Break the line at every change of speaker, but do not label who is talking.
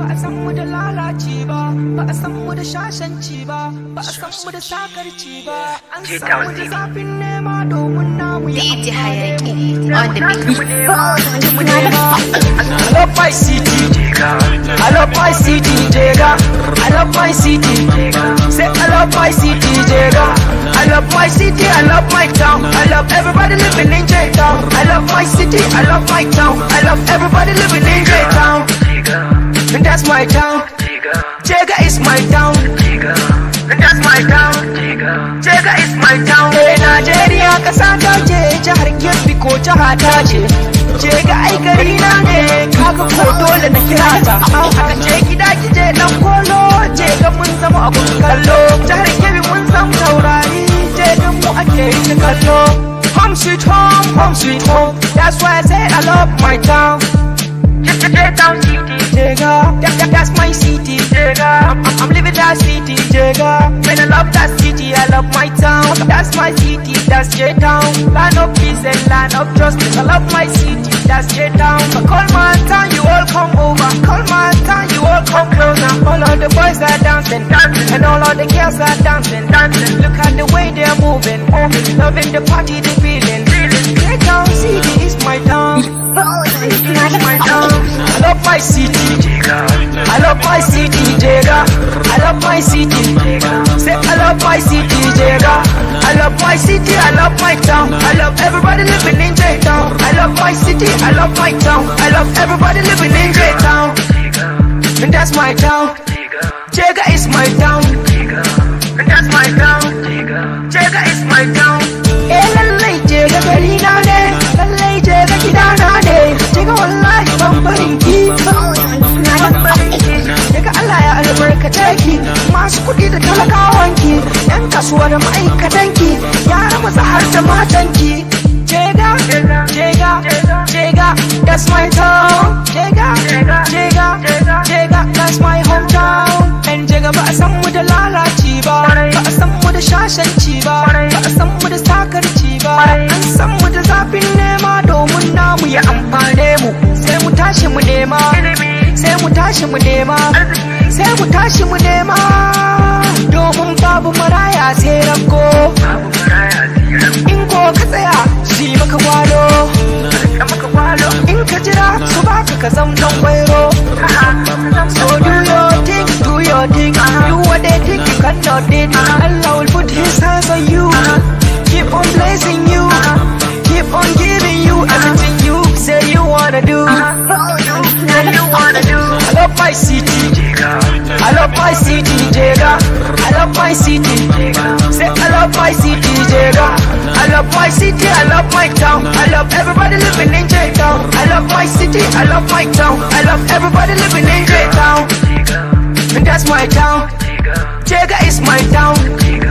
ba a san mu da lalaci ba ba a san mu da shashanci ba ba a san mu da sakarci ba an san mu da zafin nema domin namu ya DJ Hayaki on the beat I love my city I love my city Jega I love my city Say I love my city Jega I love my city I love my town I love everybody living in J town I love my city I love my town I love everybody living in J town and that's my town. Jega is my town. And that's my town. Jega is my town. Hey eh, Najeriya kasa ta ce jihar Kebbi ko jiha ta ce. Jega ai gari na ne kaka ko dole na kira ta. Aka je gida kije kolo jega mun zama abun kallo. Jihar Kebbi mun san taurari jega mu ake yi kallo. Home sweet home, home sweet home. That's why I say I love my town. J-Town city, Jega. That, that, that's my city, Jega. I'm, I'm, living that city, Jega. Man, I love that city, I love my town. That's my city, that's J-Town. Land of peace and land of justice. I love my city, that's J-Town. So call my town, you all come over. Call my town, you all come closer. All of the boys are dancing, dancing. And all of the girls are dancing, dancing. Look at the way they're moving, moving. Oh, loving the party, the feeling. my city. I love my city, Jega. I love my city. Say I love my city, Jega. I love my city. I love my town. I love everybody living in J town. I love my city. I love my town. I love everybody living in J town. And that's my town. Jega is my town. And that's my town. Jega is my town. da talakawanki yan kasuwar ma'aikatanki ya raba har da matanki jega jega jega that's my town jega jega jega that's my hometown and jega ba a san mu da lalaci ba ba a san mu da shashanci ba ba a san mu da sakarci ba an san mu da zafin nema domin namu ya amfane mu sai mu tashi mu nema sai mu tashi mu nema sai mu tashi mu nema back to back because I'm no So do your thing, do your thing. Do uh-huh. what they think you cannot did. Allah will put his hands on you. Uh-huh. Keep on blessing you. Uh-huh. Keep on giving you everything you say you wanna do. I love my city. I love my city, Jega. I love my city. Say I love my city, Jega. I love my city, I love my town. I love everybody living in J-Town. I love my city, I love my town. I love everybody living in J-Town. And that's my town. Jega is my town.